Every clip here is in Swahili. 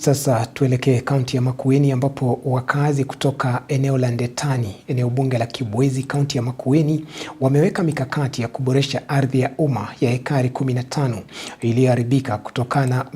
Sasa tuelekee kaunti ya Makueni ambapo wakazi kutoka eneo la Ndetani, eneo bunge la Kibwezi, kaunti ya Makueni wameweka mikakati ya kuboresha ardhi ya umma ya ekari 15 iliyoharibika kutokana na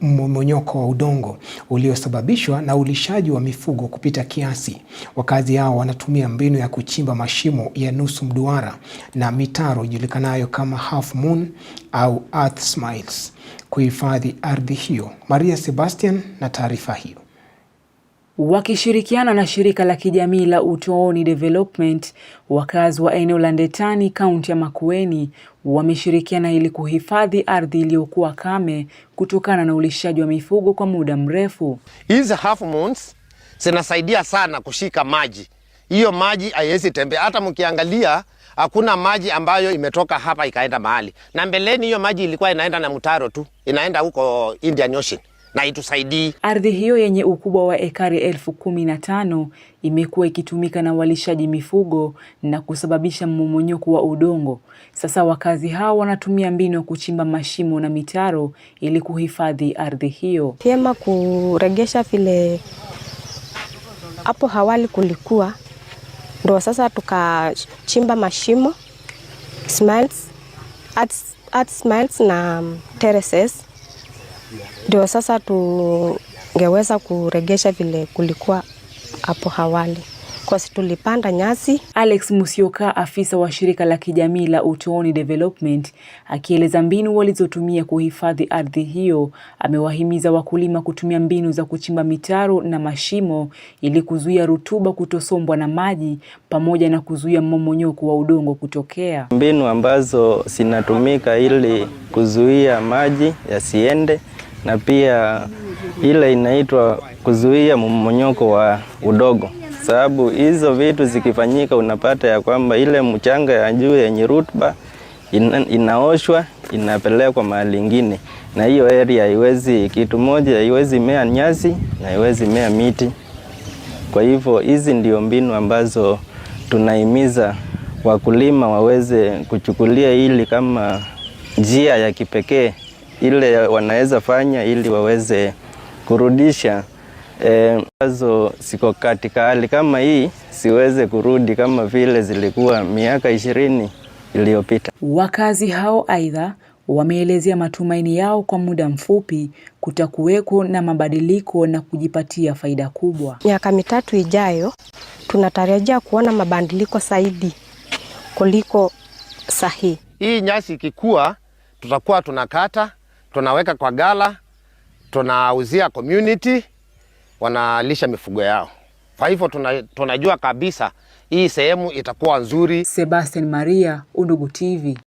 mmomonyoko wa udongo uliosababishwa na ulishaji wa mifugo kupita kiasi. Wakazi hao wanatumia mbinu ya kuchimba mashimo ya nusu mduara na mitaro ijulikanayo kama half moon au earth smiles kuhifadhi ardhi hiyo. Maria Sebastian na taarifa hiyo. Wakishirikiana na shirika la kijamii la Utooni Development, wakazi wa eneo la Ndetani, kaunti ya Makueni, wameshirikiana ili kuhifadhi ardhi iliyokuwa kame kutokana na ulishaji wa mifugo kwa muda mrefu. Hizi half moons zinasaidia sana kushika maji, hiyo maji haiwezi tembea. Hata mkiangalia hakuna maji ambayo imetoka hapa ikaenda mahali, na mbeleni hiyo maji ilikuwa inaenda na mtaro tu, inaenda huko Indian Ocean na itusaidii. Ardhi hiyo yenye ukubwa wa ekari elfu kumi na tano imekuwa ikitumika na walishaji mifugo na kusababisha mmomonyoko wa udongo. Sasa wakazi hao wanatumia mbinu ya kuchimba mashimo na mitaro ili kuhifadhi ardhi hiyo. Vyema kuregesha vile hapo hawali kulikuwa Ndo sasa tukachimba mashimo smiles, at, at smiles na um, terraces, ndio sasa tungeweza kuregesha vile kulikuwa hapo awali course tulipanda nyasi. Alex Musioka, afisa wa shirika la kijamii la Utooni Development, akieleza mbinu walizotumia kuhifadhi ardhi hiyo, amewahimiza wakulima kutumia mbinu za kuchimba mitaro na mashimo ili kuzuia rutuba kutosombwa na maji pamoja na kuzuia mmomonyoko wa udongo kutokea. Mbinu ambazo zinatumika ili kuzuia maji yasiende na pia ile inaitwa kuzuia mmomonyoko wa udongo sababu hizo vitu zikifanyika unapata ya kwamba ile mchanga ya juu yenye rutuba ina, inaoshwa inapelekwa mahali ingine, na hiyo area haiwezi kitu moja, haiwezi mea nyasi na haiwezi mea miti. Kwa hivyo hizi ndio mbinu ambazo tunahimiza wakulima waweze kuchukulia hili kama njia ya kipekee ile wanaweza fanya ili waweze kurudisha Ambazo eh, e, siko katika hali kama hii siweze kurudi kama vile zilikuwa miaka ishirini iliyopita. Wakazi hao aidha wameelezea matumaini yao kwa muda mfupi kutakuweko na mabadiliko na kujipatia faida kubwa. Miaka mitatu ijayo tunatarajia kuona mabadiliko zaidi kuliko sahihi. Hii nyasi ikikua, tutakuwa tunakata, tunaweka kwa gala, tunauzia community wanalisha mifugo yao. Kwa hivyo tunajua kabisa hii sehemu itakuwa nzuri. Sebastian Maria, Undugu TV.